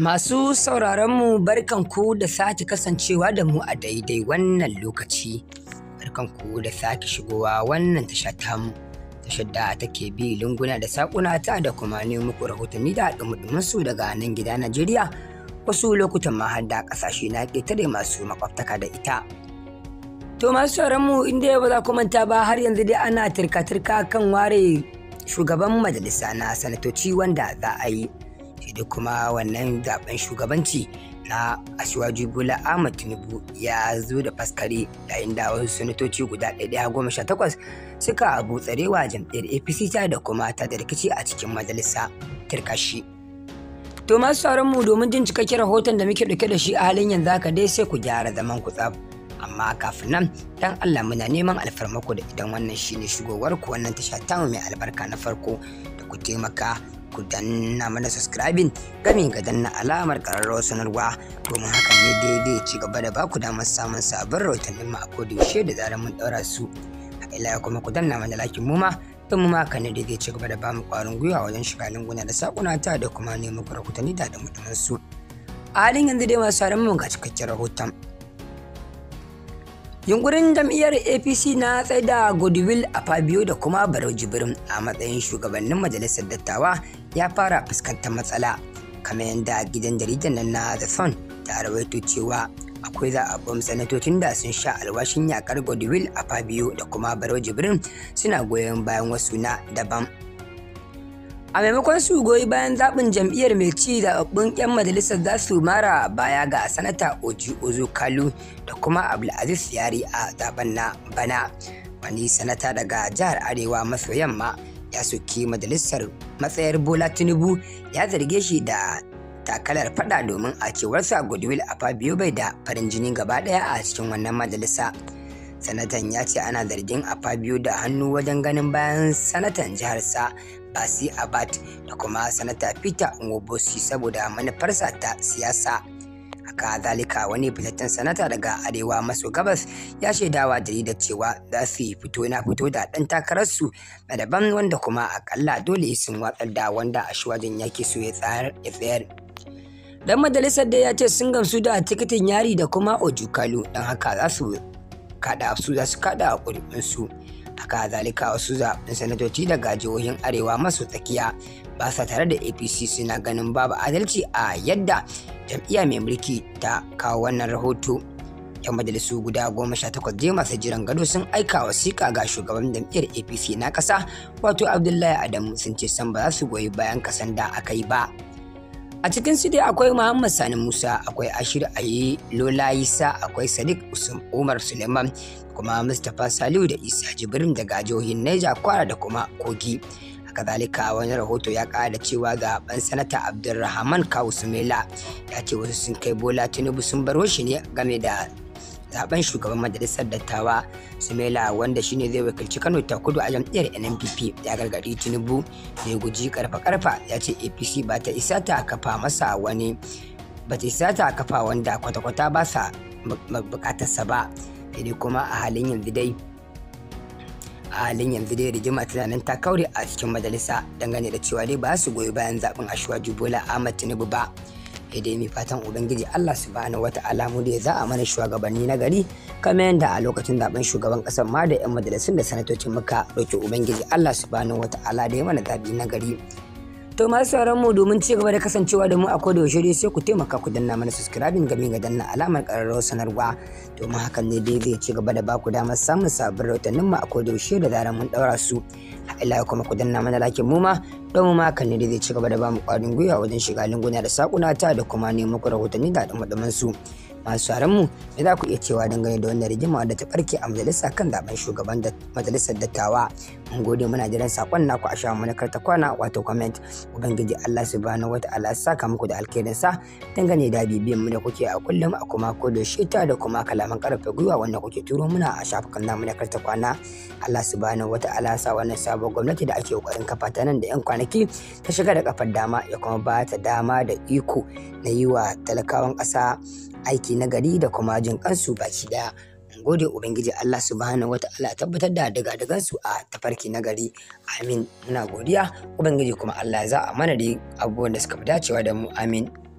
Masu sauraronmu barkanku da sake kasancewa da mu a daidai wannan lokaci. Barkanku da sake shigowa wannan tashar tamu. Tashar da take bi lunguna da sakuna ta da kuma ne muku rahotanni da su daga nan gida Najeriya. Wasu lokutan ma har da ƙasashe na ƙetare masu makwabtaka da ita. To masu sauraronmu inda ba za ku manta ba har yanzu dai ana turka-turka kan ware shugaban majalisa na sanatoci wanda za a yi shi da kuma wannan zaben shugabanci na Asiwaju Bola Ahmad Tinubu ya zo da faskare yayin da wasu sanatoci guda ɗaya goma sha takwas suka butsarewa jam'iyyar APC ta da kuma ta da rikici a cikin majalisa kirkashi. To masu sauran mu domin jin cikakken rahoton da muke ɗauke da shi a halin yanzu haka dai sai ku gyara zaman ku tsaf. Amma kafin nan dan Allah muna neman alfarmako da idan wannan shine shigowar ku wannan tasha tamu mai albarka na farko da ku taimaka ku danna mana subscribing gami ga danna alamar ƙararrawar sanarwa domin hakan ne daidai ci gaba da baku damar samun sabon rahotannin mu a shi da zarar mun ɗaura su a ila kuma ku danna mana lakin mu ma don mu ma kan ci gaba da bamu ƙwarin gwiwa wajen shiga lunguna da sakuna ta da kuma neman rahotanni da da mutumin su a halin yanzu dai masu mun ga cikakken rahoton yunkurin jam'iyyar apc na tsaida goodwill a fabio da kuma barau jibrin a matsayin shugabannin majalisar dattawa ya fara fuskantar matsala kamar yadda gidan jaridar nan na the sun ta rawaito cewa akwai zaɓaɓɓun sanatocin da sun sha alwashin yakar goodwill a fabio da kuma barau jibrin suna goyon bayan wasu na daban a maimakon su goyi bayan zaɓin jam'iyyar mai ci abin 'yan majalisar za su mara baya ga sanata oji ozo kalu da kuma abdulaziz yari a zaben na bana wani sanata daga jihar arewa maso yamma ya soki majalisar matsayar bola tinubu ya zarge shi da takalar fada domin a cewarsa goodwill a fabio bai da farin jini gaba daya a cikin wannan majalisa sanatan ya ce ana zargin biyu da hannu wajen ganin bayan sanatan jiharsa basi abat da kuma sanata peter ngobosi saboda manufarsa ta siyasa haka zalika wani fitattun sanata daga arewa maso gabas ya shaidawa jaridar cewa za su fito na fito da ɗan takararsu na daban wanda kuma akalla dole sun watsar da wanda a shuwajen yake so ya tsayar dan majalisar da ya ce sun gamsu da tikitin yari da kuma ojukalu don haka za su kada su za su kada a ƙuri'unsu haka zalika wasu zaɓen sanatoci daga jihohin arewa maso tsakiya ba sa tare da apc suna ganin babu adalci a yadda jam'iyya mai mulki ta kawo wannan rahoto yan majalisu guda goma sha takwas je masu jiran gado sun aika wasiƙa ga shugaban jam'iyyar apc na ƙasa wato abdullahi adamu sun ce san ba za su goyi bayan kasan da aka yi ba A cikin su dai akwai Muhammad Sani Musa, akwai Ashir Ayi Lola Isa, akwai Sadiq Usum Umar Suleiman, kuma Mustapha Saliu da Isa Jibrin daga jihohin Niger Kwara da kuma Kogi. kazalika wani rahoto ya da cewa ga ban sanata abdulrahman kawu ya ce wasu sun kai bola tinubu sun baro shi ne game da zaben shugaban majalisar dattawa sumela wanda shine zai wakilci kano ta kudu a jam'iyyar nnpp ya gargadi tinubu zai guji karfa-karfa ya ce apc ba ta isa ta kafa masa wani ba ta isa ta kafa wanda kwata-kwata ba sa bukatarsa ba sai kuma a halin yanzu dai a halin yanzu dai rigima tana nan ta kaure a cikin majalisa dangane da cewa dai ba su goyi bayan zaben ashuwa jubola ahmad tinubu ba ya dai mai fatan ubangiji Allah subhanahu wata'ala mu da za a mana shugabanni na gari kamar yadda a lokacin zaben shugaban kasar ma da yan majalisun da sanatocin muka roki ubangiji Allah wata ala da ya mana zabi na gari To masu sauran mu domin ci gaba da kasancewa da mu a koda yaushe sai ku taimaka ku danna mana subscribing game ga danna alamar ƙararrawar sanarwa domin hakan ne dai zai ci gaba da baku damar samun sabbin rahotannin mu a koda yaushe da zarar mun daura su. a Ila kuma ku danna mana lakin mu ma don mu ma hakan ne dai zai ci gaba da bamu ƙwarin gwiwa wajen shiga linguna da sakuna ta da kuma neman rahotanni da dumadumin su. masu mu me za ku iya cewa dangane da wannan rigima da ta barke a majalisa kan zaben shugaban majalisar dattawa mun gode muna jiran sakon naku a shawar mana ta kwana wato comment ubangiji Allah subhanahu wataala saka muku da alkhairin sa dangane da bibiyan mu da kuke a kullum a kuma ko da shita da kuma kalaman karfe gwiwa wanda kuke turo muna a shafukan namu na karta kwana Allah subhanahu wataala sa wannan sabon gwamnati da ake kokarin kafa ta nan da yan kwanaki ta shiga da kafar dama ya kuma ba ta dama da iko na yi wa talakawan kasa. aiki na gari da kuma jin kansu baki daya gode ubangiji Allah subhanahu wataala tabbatar da daga daga su a tafarki na gari amin muna godiya ubangiji kuma Allah ya za a mana da abubuwan da suka fi dacewa da mu amin